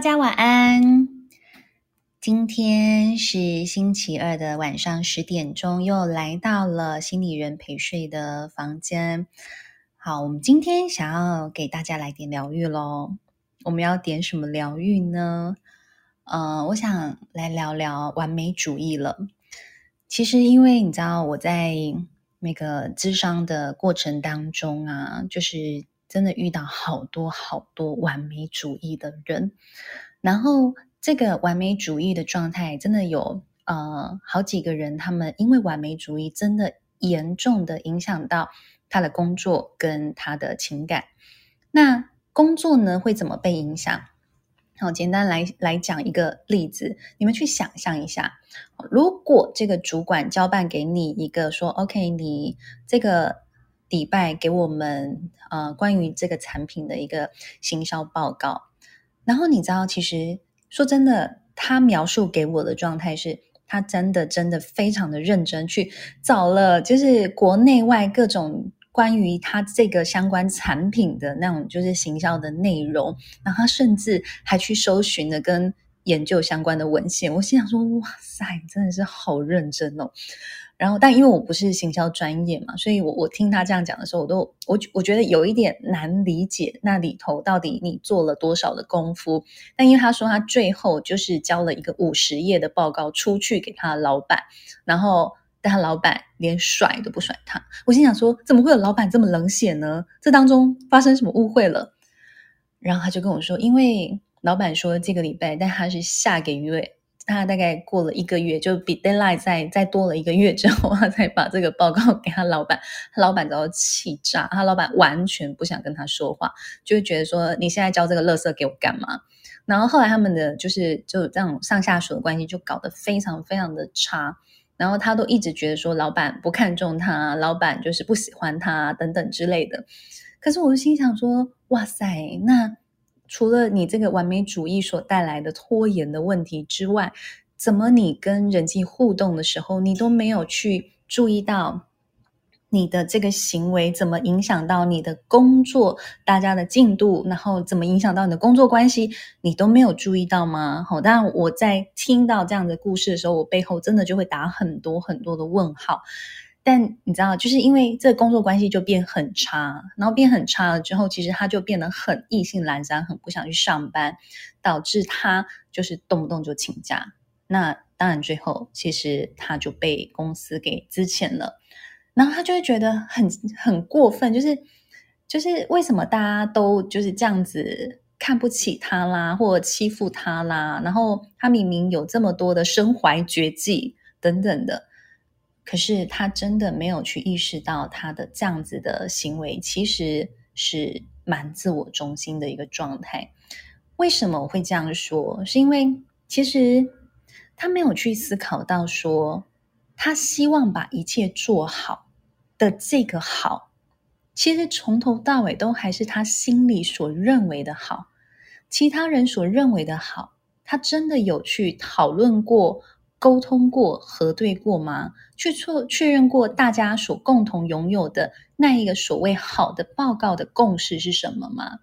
大家晚安。今天是星期二的晚上十點鐘，又來到了心理人陪睡的房間。好，我們今天想要給大家來點療癒嘍。我們要點什麼療癒呢？呃，我想來聊聊完美主義了。其實，因為你知道我在那個諮商的過程當中啊，就是。真的遇到好多好多完美主義的人，然後這個完美主義的狀態真的有呃好幾個人，他們因為完美主義真的嚴重的影響到他的工作跟他的情感。那工作呢，會怎麼被影響？好，簡單來來講一個例子，你們去想象一下，如果這個主管交辦給你一個說，OK，你這個。迪拜給我們啊、呃，關於這個產品的一個行銷報告。然後你知道，其實說真的，他描述給我的狀態是他真的真的非常的認真去找了，就是國內外各種關於他這個相關產品的那種就是行銷的內容。然後他甚至還去搜尋了跟。研究相關的文獻，我心想說：“哇塞，你真的是好認真哦。”然後，但因為我不是行銷專業嘛，所以我我聽他這樣講的時候，我都我我覺得有一點難理解那裡頭到底你做了多少的功夫。但因為他說他最後就是交了一個五十頁的報告出去給他的老板，然後但他老板連甩都不甩他。我心想說：“怎麼會有老板這麼冷血呢？這當中發生什麼誤會了？”然後他就跟我說：“因為。”老板說這個禮拜，但他是下個月，他大概過了一個月，就比 deadline 再再多了一個月之後，他才把這個報告給他老板。他老板都要氣炸，他老板完全不想跟他說話，就覺得說你現在交這個垃圾給我幹嘛？然後後來他們的就是就這樣上下屬的關係就搞得非常非常的差，然後他都一直覺得說老板不看重他，老板就是不喜歡他等等之類的。可是我就心想說，哇塞，那。除了你這個完美主義所帶來的拖延的問題之外，怎麼你跟人際互動的時候，你都沒有去注意到你的這個行為怎麼影響到你的工作、大家的進度，然後怎麼影響到你的工作關係，你都沒有注意到嗎？好，但我在聽到這樣的故事的時候，我背後真的就會打很多很多的問號。但你知道，就是因為這個工作關係就變很差，然後變很差了之後，其實他就變得很意興闌珊，很不想去上班，導致他就是動不動就請假。那當然，最後其實他就被公司給支遣了。然後他就會覺得很很過分，就是就是為什麼大家都就是這樣子看不起他啦，或者欺負他啦？然後他明明有這麼多的身懷絕技等等的。可是他真的沒有去意識到，他的這樣子的行為其實是蠻自我中心的一個狀態。為什麼我會這樣說？是因為其實他沒有去思考到，說他希望把一切做好的這個好，其實從頭到尾都還是他心裡所認為的好，其他人所認為的好，他真的有去討論過。溝通過、核對過嗎？去確確認過大家所共同擁有的那一個所謂好的報告的共識是什麼嗎？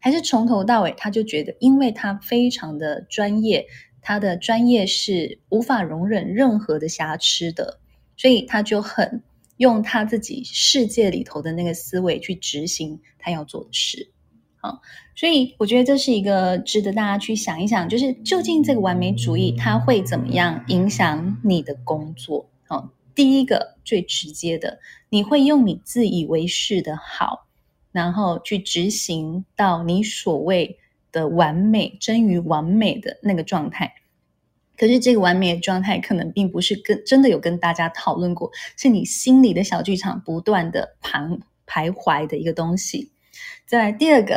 還是從頭到尾他就覺得，因為他非常的專業，他的專業是無法容忍任何的瑕疵的，所以他就很用他自己世界裡頭的那個思維去執行他要做的事。啊、哦，所以我覺得這是一個值得大家去想一想，就是究竟這個完美主義它會怎麼樣影響你的工作？哦，第一個最直接的，你會用你自以為是的好，然後去執行到你所謂的完美，臻於完美的那個狀態。可是這個完美的狀態，可能並不是跟真的有跟大家討論過，是你心裡的小劇場不斷的徘徘徊的一個東西。對，第二個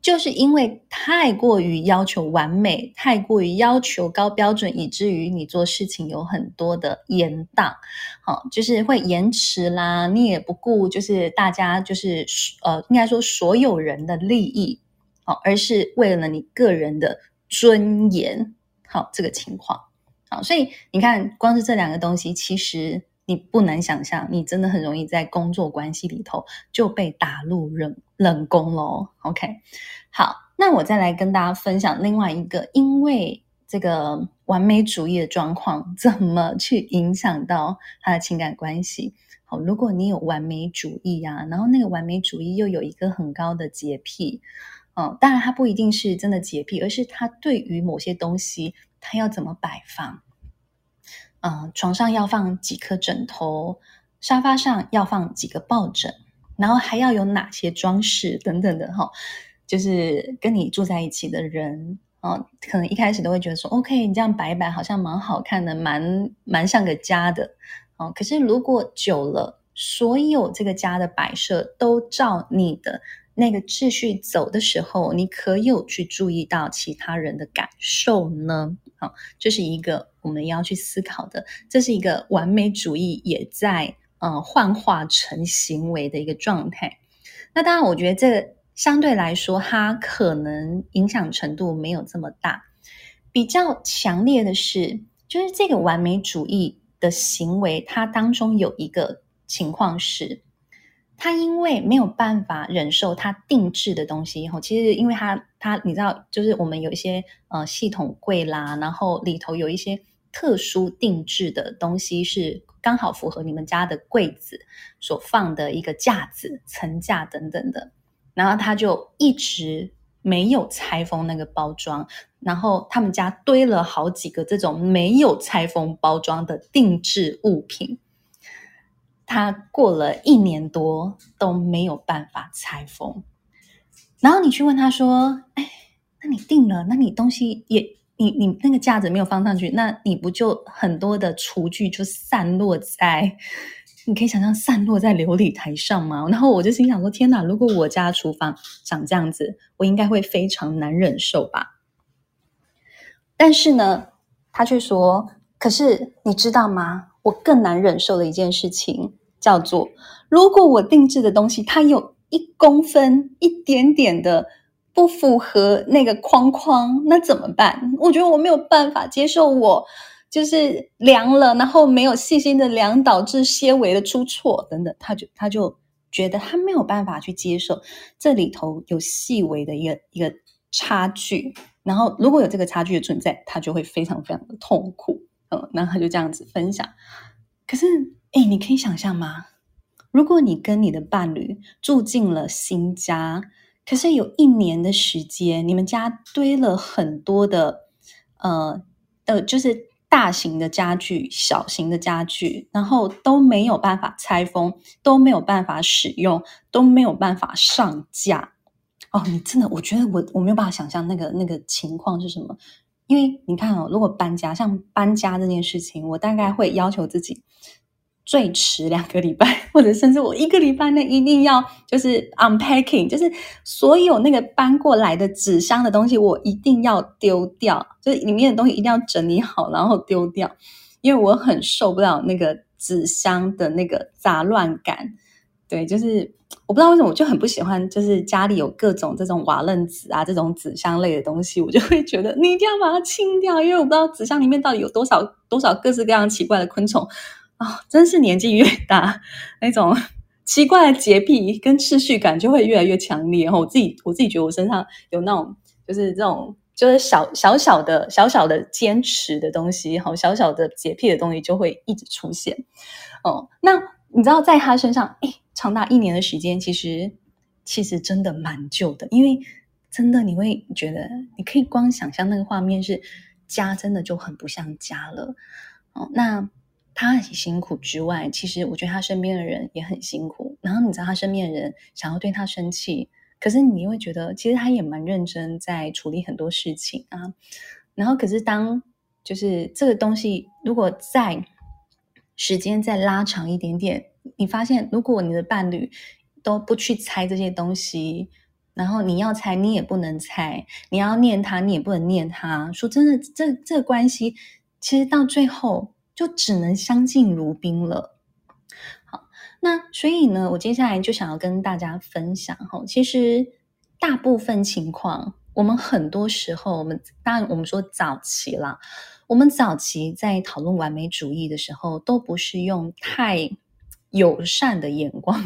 就是因為太過於要求完美，太過於要求高標準，以至於你做事情有很多的延宕，好，就是會延遲啦，你也不顧就是大家就是呃，應該說所有人的利益，好，而是為了你個人的尊嚴，好，這個情況，好，所以你看，光是這兩個東西，其實。你不難想象，你真的很容易在工作關係裡頭就被打入冷冷宮了。OK，好，那我再來跟大家分享另外一個，因為這個完美主義的狀況怎麼去影響到他的情感關係。好，如果你有完美主義啊，然後那個完美主義又有一個很高的潔癖，哦，當然它不一定是真的潔癖，而是他對於某些東西，他要怎麼擺放。嗯、呃，床上要放幾顆枕頭，沙發上要放幾個抱枕，然後還要有哪些裝飾等等的哈、哦，就是跟你住在一起的人哦，可能一開始都會覺得說，OK，你這樣擺一擺好像蠻好看的，蠻蠻像個家的哦，可是如果久了，所有這個家的擺設都照你的。那個秩序走的時候，你可有去注意到其他人的感受呢？啊，這是一個我們要去思考的，這是一個完美主義也在呃幻化成行為的一個狀態。那當然，我覺得這相對來說，它可能影響程度沒有這麼大。比較強烈的是，就是這個完美主義的行為，它當中有一個情況是。他因為沒有辦法忍受他定製的東西，以後其實因為他他你知道，就是我們有一些呃系統櫃啦，然後裡頭有一些特殊定製的東西，是剛好符合你們家的櫃子所放的一個架子、層架等等的，然後他就一直沒有拆封那個包裝，然後他們家堆了好幾個這種沒有拆封包裝的定製物品。他過了一年多都沒有辦法拆封，然後你去問他說：“哎，那你定了？那你東西也你你那個架子沒有放上去，那你不就很多的廚具就散落在……你可以想象散落在流理台上嗎？”然後我就心想說：“天哪！如果我家廚房長這樣子，我應該會非常難忍受吧。”但是呢，他卻說：“可是你知道嗎？”我更難忍受的一件事情叫做：如果我定製的東西它有一公分一點點的不符合那個框框，那怎麼辦？我覺得我沒有辦法接受我，我就是量了，然後沒有細心的量，導致些微的出錯等等，他就他就覺得他沒有辦法去接受這裡頭有細微的一個一個差距。然後如果有這個差距的存在，他就會非常非常的痛苦。嗯、哦，然後就這樣子分享。可是，哎，你可以想象嗎？如果你跟你的伴侶住進了新家，可是有一年的時間，你們家堆了很多的，呃，呃，就是大型的家具、小型的家具，然後都沒有辦法拆封，都沒有辦法使用，都沒有辦法上架。哦，你真的，我覺得我我沒有辦法想象那個那個情況是什麼。因為你看哦，如果搬家，像搬家這件事情，我大概會要求自己最遲兩個禮拜，或者甚至我一個禮拜內一定要就是 unpacking，就是所有那個搬過來的紙箱的東西，我一定要丟掉，就是裡面的東西一定要整理好，然後丟掉，因為我很受不了那個紙箱的那個雜亂感。對，就是我不知道為什麼，我就很不喜歡，就是家裡有各種這種瓦楞紙啊，這種紙箱類的東西，我就會覺得你一定要把它清掉，因為我不知道紙箱裡面到底有多少多少各式各樣奇怪的昆蟲啊、哦！真是年紀越大，那種奇怪的潔癖跟秩序感就會越來越強烈。然後、哦、我自己我自己覺得我身上有那種就是這種就是小小小的小小的堅持的東西，好、哦、小小的潔癖的東西就會一直出現。哦，那你知道在他身上？誒長達一年的時間，其實其實真的蠻久的，因為真的你會覺得，你可以光想象那個畫面是家，真的就很不像家了。哦，那他很辛苦之外，其實我覺得他身邊的人也很辛苦。然後你知道他身邊的人想要對他生氣，可是你會覺得其實他也蠻認真在處理很多事情啊。然後可是當就是這個東西，如果在時間再拉長一點點。你發現，如果你的伴侶都不去猜這些東西，然後你要猜，你也不能猜；你要念他，你也不能念他。說真的，這這關係，其實到最後就只能相敬如賓了。好，那所以呢，我接下來就想要跟大家分享其實大部分情況，我們很多時候，我們當然我們說早期了，我們早期在討論完美主義的時候，都不是用太。友善的眼光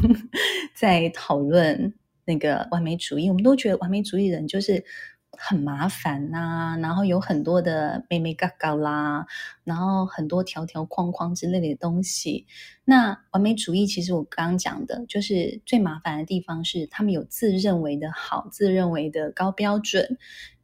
在討論那個完美主義，我們都覺得完美主義人就是很麻煩吶、啊，然後有很多的眉眉角角啦，然後很多條條框框之類的東西。那完美主義其實我剛講的，就是最麻煩的地方是他們有自認為的好，自認為的高標準。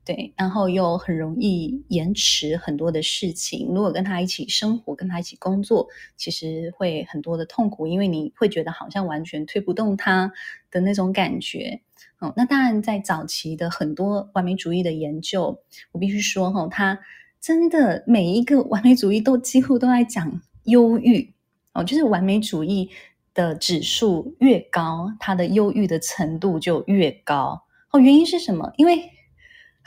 對，然後又很容易延遲很多的事情。如果跟他一起生活，跟他一起工作，其實會很多的痛苦，因為你會覺得好像完全推不動他的那種感覺。哦，那當然，在早期的很多完美主義的研究，我必須說哈，哦，他真的每一個完美主義都幾乎都在講憂鬱。哦，就是完美主義的指數越高，他的憂鬱的程度就越高。哦，原因是什麼？因為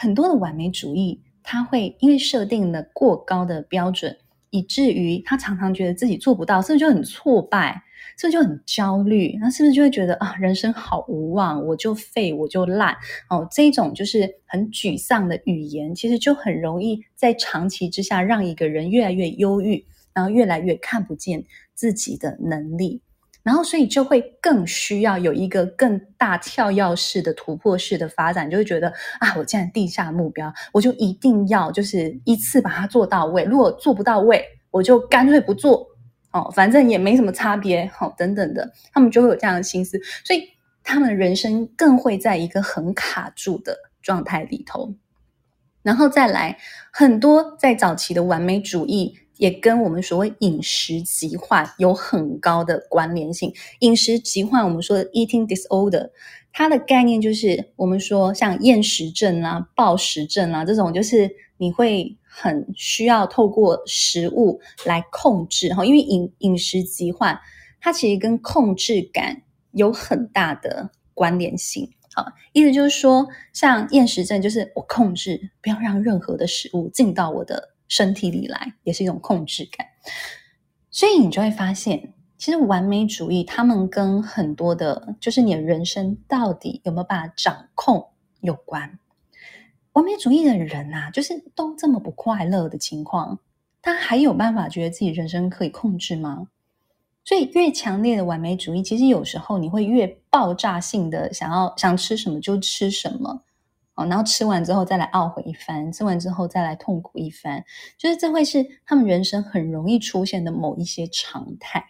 很多的完美主義，他會因為設定了過高的標準，以至於他常常覺得自己做不到，甚至就很挫敗，甚至就很焦慮。那是不是就會覺得啊，人生好無望，我就廢，我就爛。哦，這種就是很沮喪的語言，其實就很容易在長期之下讓一個人越來越憂鬱，然後越來越看不見自己的能力。然後，所以就會更需要有一個更大跳躍式的突破式的發展，就會覺得啊，我既然定下目標，我就一定要就是一次把它做到位。如果做不到位，我就乾脆不做，哦，反正也沒什麼差別，好、哦，等等的，他們就會有這樣的心思，所以他們人生更會在一個很卡住的狀態裡頭。然後再來，很多在早期的完美主義。也跟我們所謂飲食疾患有很高的關聯性。飲食疾患，我們說的 eating disorder，它的概念就是我們說像厭食症啊、暴食症啊這種，就是你會很需要透過食物來控制哈，因為飲飲食疾患它其實跟控制感有很大的關聯性。啊，意思就是說，像厭食症，就是我控制，不要讓任何的食物進到我的。身體裡來也是一種控制感，所以你就會發現，其實完美主義他們跟很多的，就是你的人生到底有沒有辦法掌控有關。完美主義的人啊，就是都這麼不快樂的情況，他還有辦法覺得自己人生可以控制嗎？所以越強烈的完美主義，其實有時候你會越爆炸性的想要想吃什麼就吃什麼。然後吃完之後再來懊悔一番，吃完之後再來痛苦一番，就是這會是他們人生很容易出現的某一些常態。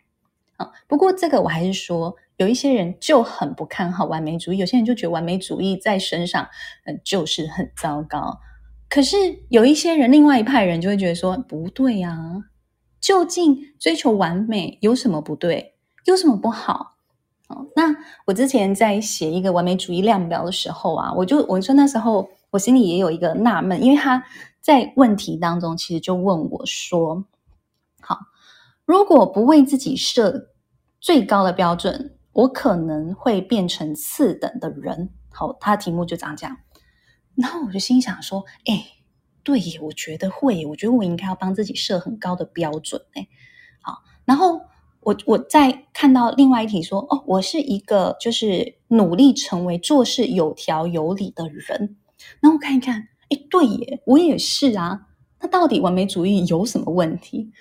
好，不過這個我還是說，有一些人就很不看好完美主義，有些人就覺得完美主義在身上，嗯，就是很糟糕。可是有一些人，另外一派人就會覺得說，不對啊，究竟追求完美有什麼不對，有什麼不好？哦，那我之前在寫一個完美主義量表的時候啊，我就我就說那時候我心裡也有一個納悶，因為他在問題當中其實就問我說：“好，如果不為自己設最高的標準，我可能會變成次等的人。”好，他的題目就這樣講。然後我就心想說：“哎，對，我覺得會，我覺得我應該要幫自己設很高的標準。”哎，好，然後。我我在看到另外一題說哦，我是一個就是努力成為做事有條有理的人，然後我看一看，哎、欸，對耶，我也是啊。那到底完美主義有什麼問題？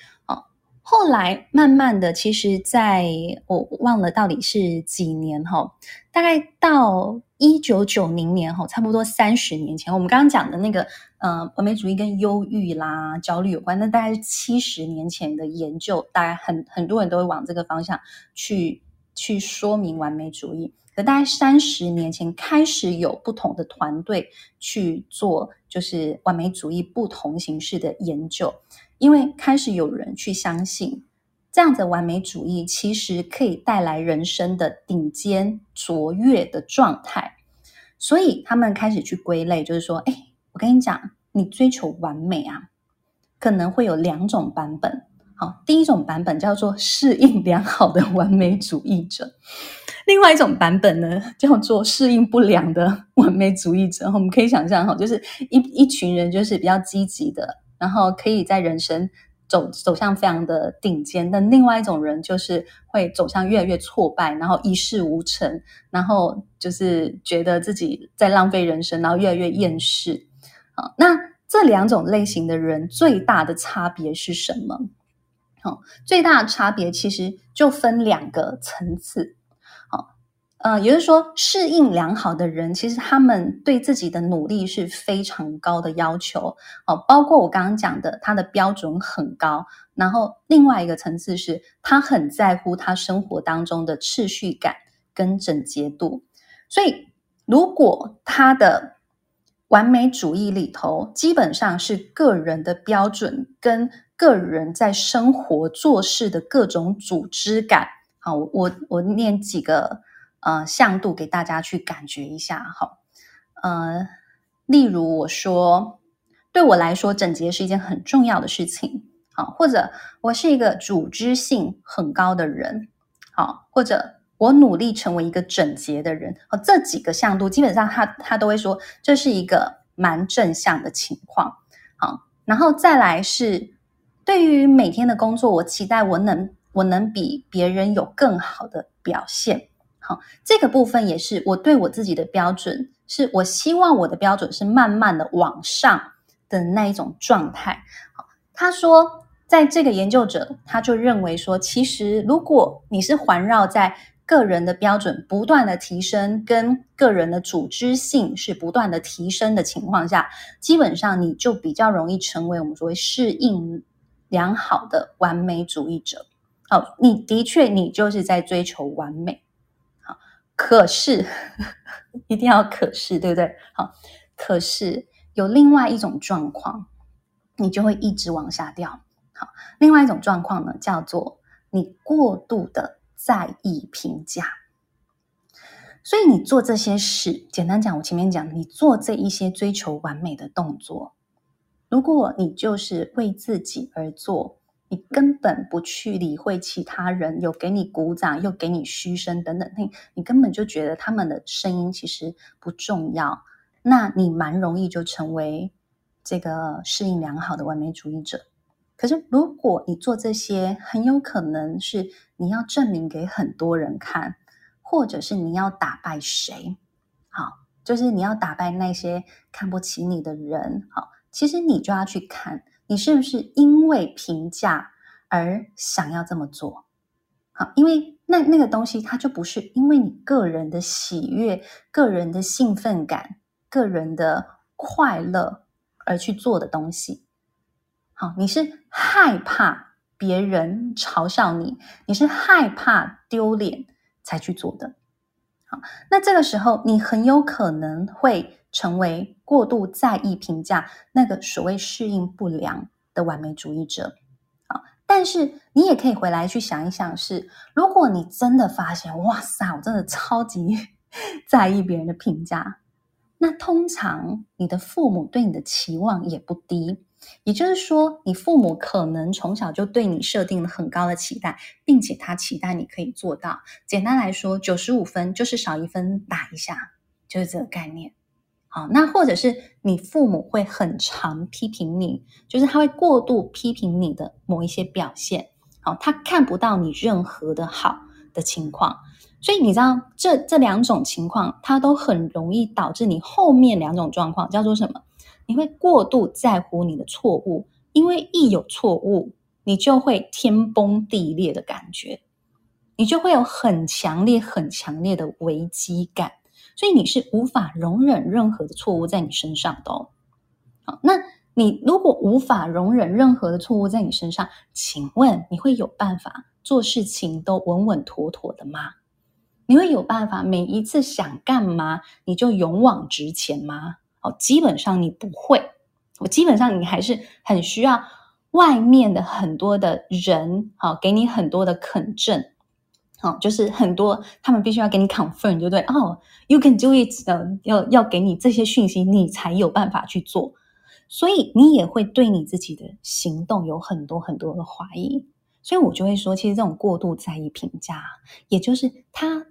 後來慢慢的，其實在、哦、我忘了到底是幾年齁，大概到一九九零年齁，差不多三十年前，我們剛剛講的那個，呃完美主義跟憂鬱啦、焦慮有關，那大概是七十年前的研究，大概很很多人都會往這個方向去去說明完美主義。可大概三十年前開始，有不同的團隊去做，就是完美主義不同形式的研究。因為開始有人去相信，這樣的完美主義其實可以帶來人生的頂尖卓越的狀態，所以他們開始去歸類，就是說，哎，我跟你講，你追求完美啊，可能會有兩種版本。好，第一種版本叫做適應良好的完美主義者，另外一種版本呢，叫做適應不良的完美主義者。我們可以想象，哈，就是一一群人，就是比較積極的。然後可以在人生走走向非常的頂尖，但另外一種人就是會走向越來越挫敗，然後一事無成，然後就是覺得自己在浪費人生，然後越來越厭世。哦，那這兩種類型的人最大的差別是什麼？好，哦，最大的差別其實就分兩個層次。呃，也就是說，適應良好的人，其實他們對自己的努力是非常高的要求，哦，包括我剛剛講的，他的標準很高。然後另外一個層次是，他很在乎他生活當中的秩序感跟整潔度。所以，如果他的完美主義裡頭，基本上是個人的標準跟個人在生活做事的各種組織感。好，我我念幾個。呃，向度給大家去感覺一下，哈。呃，例如我說，對我來說，整潔是一件很重要的事情，好，或者我是一個組織性很高的人，好，或者我努力成為一個整潔的人，好，這幾個向度基本上他他都會說，這是一個蠻正向的情況，好，然後再來是對於每天的工作，我期待我能我能比別人有更好的表現。這個部分也是我對我自己的標準，是我希望我的標準是慢慢的往上的那一種狀態。他說，在這個研究者他就認為說，其實如果你是環繞在個人的標準不斷的提升，跟個人的組織性是不斷的提升的情況下，基本上你就比較容易成為我們所謂適應良好的完美主義者。哦，你的確你就是在追求完美。可是，一定要可是，對不對？好，可是有另外一種狀況，你就會一直往下掉。好，另外一種狀況呢，叫做你過度的在意評價。所以你做這些事，簡單講，我前面講，你做這一些追求完美的動作，如果你就是為自己而做，你根本不去理會其他人，有給你鼓掌，又給你噓聲等等，你你根本就覺得他們的聲音其實不重要。那你蠻容易就成為這個適應良好的完美主義者。可是如果你做這些，很有可能是你要證明給很多人看，或者是你要打敗誰，好，就是你要打敗那些看不起你的人。好，其實你就要去看。你是不是因為評價而想要這麼做？好，因為那那個東西，它就不是因為你個人的喜悅、個人的興奮感、個人的快樂而去做的東西。好，你是害怕別人嘲笑你，你是害怕丟臉才去做的。好，那這個時候你很有可能會。成為過度在意評價那個所謂適應不良的完美主義者啊！但是你也可以回來去想一想是，是如果你真的發現，哇塞，我真的超級 在意別人的評價，那通常你的父母對你的期望也不低。也就是說，你父母可能從小就對你設定了很高的期待，並且他期待你可以做到。簡單來說，九十五分就是少一分打一下，就是這個概念。好，那或者是你父母會很常批評你，就是他會過度批評你的某一些表現，好、哦，他看不到你任何的好的情況，所以你知道這這兩種情況，它都很容易導致你後面兩種狀況，叫做什麼？你會過度在乎你的錯誤，因為一有錯誤，你就會天崩地裂的感覺，你就會有很強烈、很強烈的危機感。所以你是無法容忍任何的錯誤在你身上的，哦，哦那你如果無法容忍任何的錯誤在你身上，請問你會有辦法做事情都穩穩妥妥的嗎？你會有辦法每一次想幹嘛你就勇往直前嗎？哦，基本上你不會，我基本上你還是很需要外面的很多的人，好、哦，給你很多的肯定。好、哦，就是很多他們必須要給你 confirm，就對，哦，you can do it 的，要要給你這些訊息，你才有辦法去做。所以你也會對你自己的行動有很多很多的懷疑。所以我就會說，其實這種過度在意評價，也就是他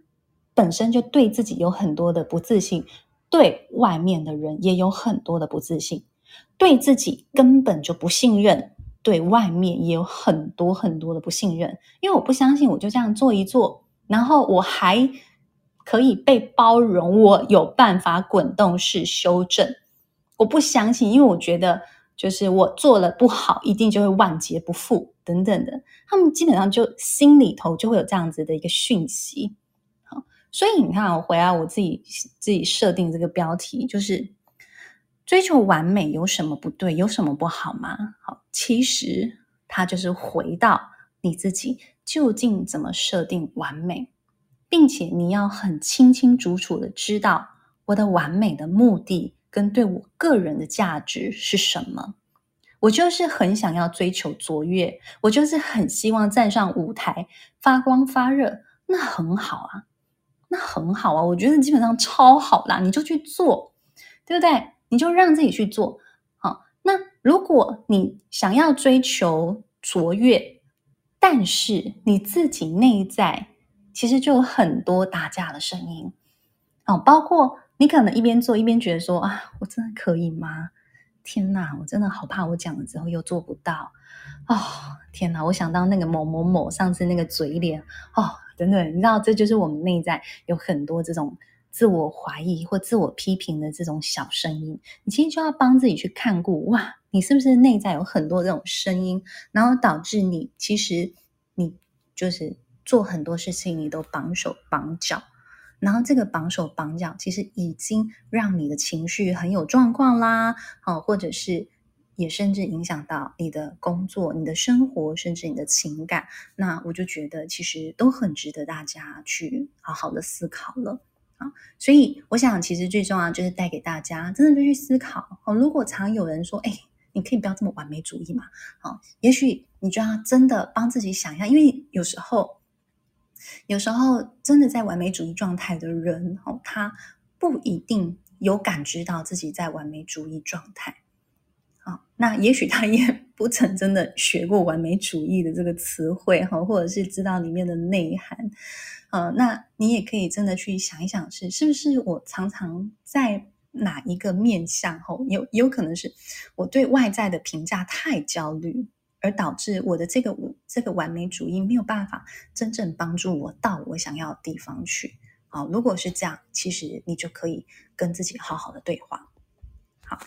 本身就對自己有很多的不自信，對外面的人也有很多的不自信，對自己根本就不信任。對外面也有很多很多的不信任，因為我不相信，我就這樣做一做，然後我還可以被包容，我有辦法滾動式修正。我不相信，因為我覺得，就是我做了不好，一定就會萬劫不復等等的。他們基本上就心裡頭就會有這樣子的一個訊息。好，所以你看，我回來我自己自己設定這個標題，就是追求完美有什麼不對，有什麼不好嗎？好。其實，它就是回到你自己究竟怎麼設定完美，並且你要很清清楚楚的知道我的完美的目的跟對我個人的價值是什麼。我就是很想要追求卓越，我就是很希望站上舞台發光發熱。那很好啊，那很好啊，我覺得基本上超好啦，你就去做，對不對？你就讓自己去做。如果你想要追求卓越，但是你自己內在其實就有很多打架的聲音哦，包括你可能一邊做一邊覺得說啊，我真的可以嗎？天吶，我真的好怕我講了之後又做不到哦，天吶，我想到那個某某某上次那個嘴臉哦，真的，你知道，這就是我們內在有很多這種。自我懷疑或自我批評的這種小聲音，你其實就要幫自己去看顧，哇，你是不是內在有很多這種聲音，然後導致你其實你就是做很多事情你都綁手綁腳，然後這個綁手綁腳其實已經讓你的情緒很有狀況啦，哦，或者是也甚至影響到你的工作、你的生活，甚至你的情感。那我就覺得其實都很值得大家去好好的思考了。啊，所以我想，其實最重要就是帶給大家，真的就去思考哦。如果常有人說，欸，你可以不要這麼完美主義嘛？好，也許你就要真的幫自己想一下，因為有時候，有時候真的在完美主義狀態的人，哦，他不一定有感知到自己在完美主義狀態。啊、哦，那也許他也不曾真的學過“完美主義”的這個詞彙、哦、或者是知道裡面的內涵。啊、哦，那你也可以真的去想一想是，是是不是我常常在哪一個面向後、哦、有有可能是我對外在的評價太焦慮，而導致我的這個這個完美主義沒有辦法真正幫助我到我想要的地方去。啊、哦，如果是這樣，其實你就可以跟自己好好的對話。好，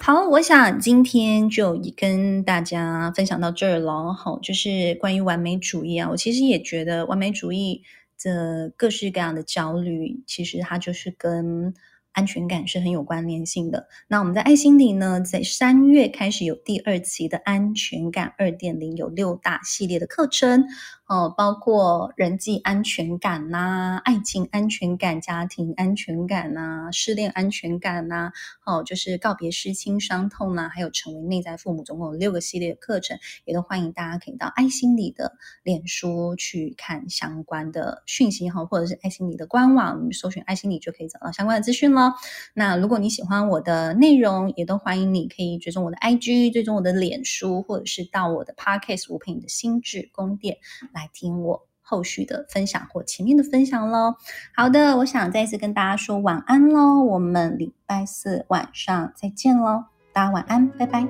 好我想今天就跟大家分享到這兒了。好，就是關於完美主義啊，我其實也覺得完美主義的各式各樣的焦慮，其實它就是跟安全感是很有關聯性的。那我們在愛心理呢，在三月開始有第二期的“安全感 2.0”，有六大系列的課程。哦，包括人際安全感吶、啊、愛情安全感、家庭安全感吶、啊、失戀安全感吶、啊，哦，就是告別失親傷痛啦、啊，還有成為內在父母，總共有六個系列的課程，也都歡迎大家可以到愛心理的臉書去看相關的訊息哈，或者是愛心理的官網搜尋愛心理就可以找到相關的資訊囉。那如果你喜歡我的內容，也都歡迎你可以追蹤我的 IG，追蹤我的臉書，或者是到我的 Podcast，我陪你的心智宮殿。來聽我後續的分享或前面的分享嘍。好的，我想再次跟大家說晚安嘍。我們禮拜四晚上再見嘍，大家晚安，拜拜。